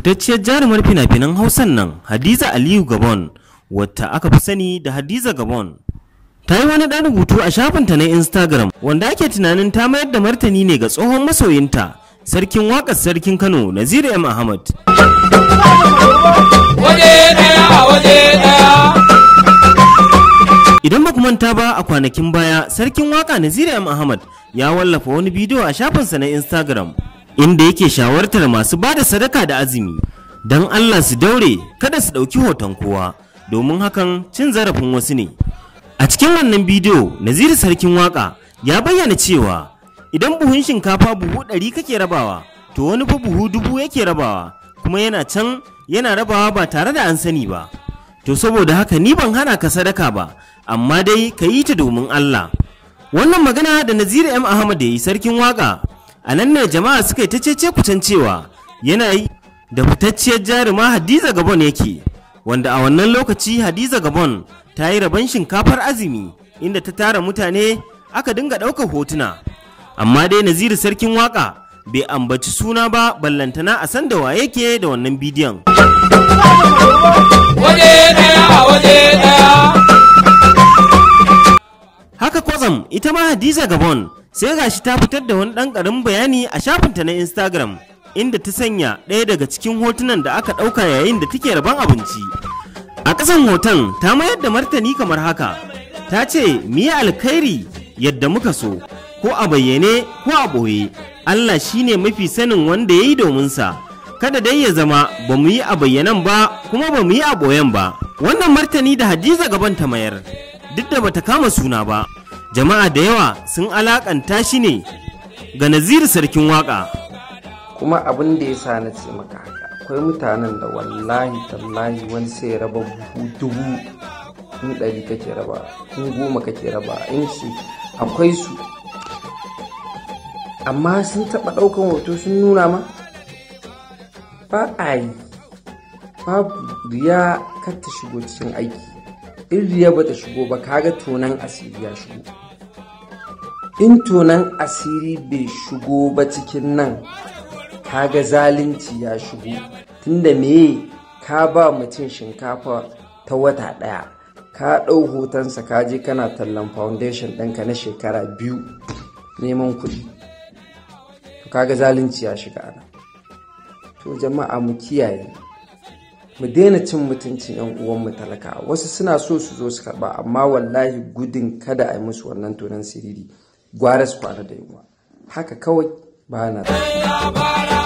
fitacciyar jarumar fina-finan hausan nan hadiza aliyu gabon wata aka fi sani da hadiza gabon ta yi wani ɗan rubutu a shafinta na instagram wanda ake tunanin ta mayar da martani ne ga tsohon masoyinta sarkin waƙar sarkin kano naziru m ahmad idan ba manta ba a kwanakin baya sarkin waƙa naziru m ahmad ya wallafa wani bidiyo a shafinsa na instagram inda yake shawartar masu ba da sadaka da azumi don Allah su daure kada su ɗauki hoton kowa domin hakan cin zarafin wasu ne a cikin wannan bidiyo naziru sarkin waka ya bayyana cewa idan buhun shinkafa buhu ɗari kake rabawa to wani fa buhu dubu yake rabawa kuma yana can yana rabawa ba tare da an sani ba to saboda haka ni ban hana ka sadaka ba amma dai ka yi ta domin Allah wannan magana da Naziru M Ahmad ya yi sarkin waka a nan ne jama'a suka yi ta cece kucan cewa yana yi da fitacciyar jaruma hadiza gabon yake wanda a wannan lokaci hadiza gabon ta yi rabon shinkafar azumi inda ta tara mutane aka dinga ɗaukar hotuna amma dai naziru sarkin waka bai ambaci suna ba ballantana a san da wa yake da wannan bidiyon haka kwazam ita ma hadiza gabon sai ga shi ta fitar da wani ɗan ƙarin bayani a shafinta na instagram inda ta sanya ɗaya daga cikin hotunan da aka ɗauka yayin da take rabon abinci a ƙasan hoton ta mayar da martani kamar haka ta ce miye alkhairi yadda muka so ko a bayyane ko a ɓoye allah shine mafi sanin wanda ya yi sa, kada dai ya zama ba mu yi a bayyanan ba kuma ba mu yi a ɓoyen ba wannan martani da hadiza gaban ta mayar duk da bata kama suna ba jama'a da yawa sun alakanta shi ne ga naziri sarkin waka kuma abin da ya sa na ce maka haka akwai mutanen da wallahi tallahi wani sai raba buhu dubu in ɗari kake raba in goma kake raba in shi akwai su amma sun taɓa ɗaukan hoto sun nuna ma ba a yi babu riya kar shigo cikin aiki in riya bata shigo ba kaga tonan asiri ya shigo in tonan asiri bai shigo ba cikin nan kaga zalunci ya shigo tunda meye ka ba mutum shinkafa ta wata daya ka ɗau hotonsa ka je kana tallan foundation ɗinka na shekara biyu neman kuɗi kaga zalunci ya shiga ana to jama'a mu kiyaye mu daina cin mutuncin yan uwanmu talaka wasu suna so su zo su karba amma wallahi gudun kada a yi musu wannan tonan siriri gwara su kwana da yunwa haka kawai ba na da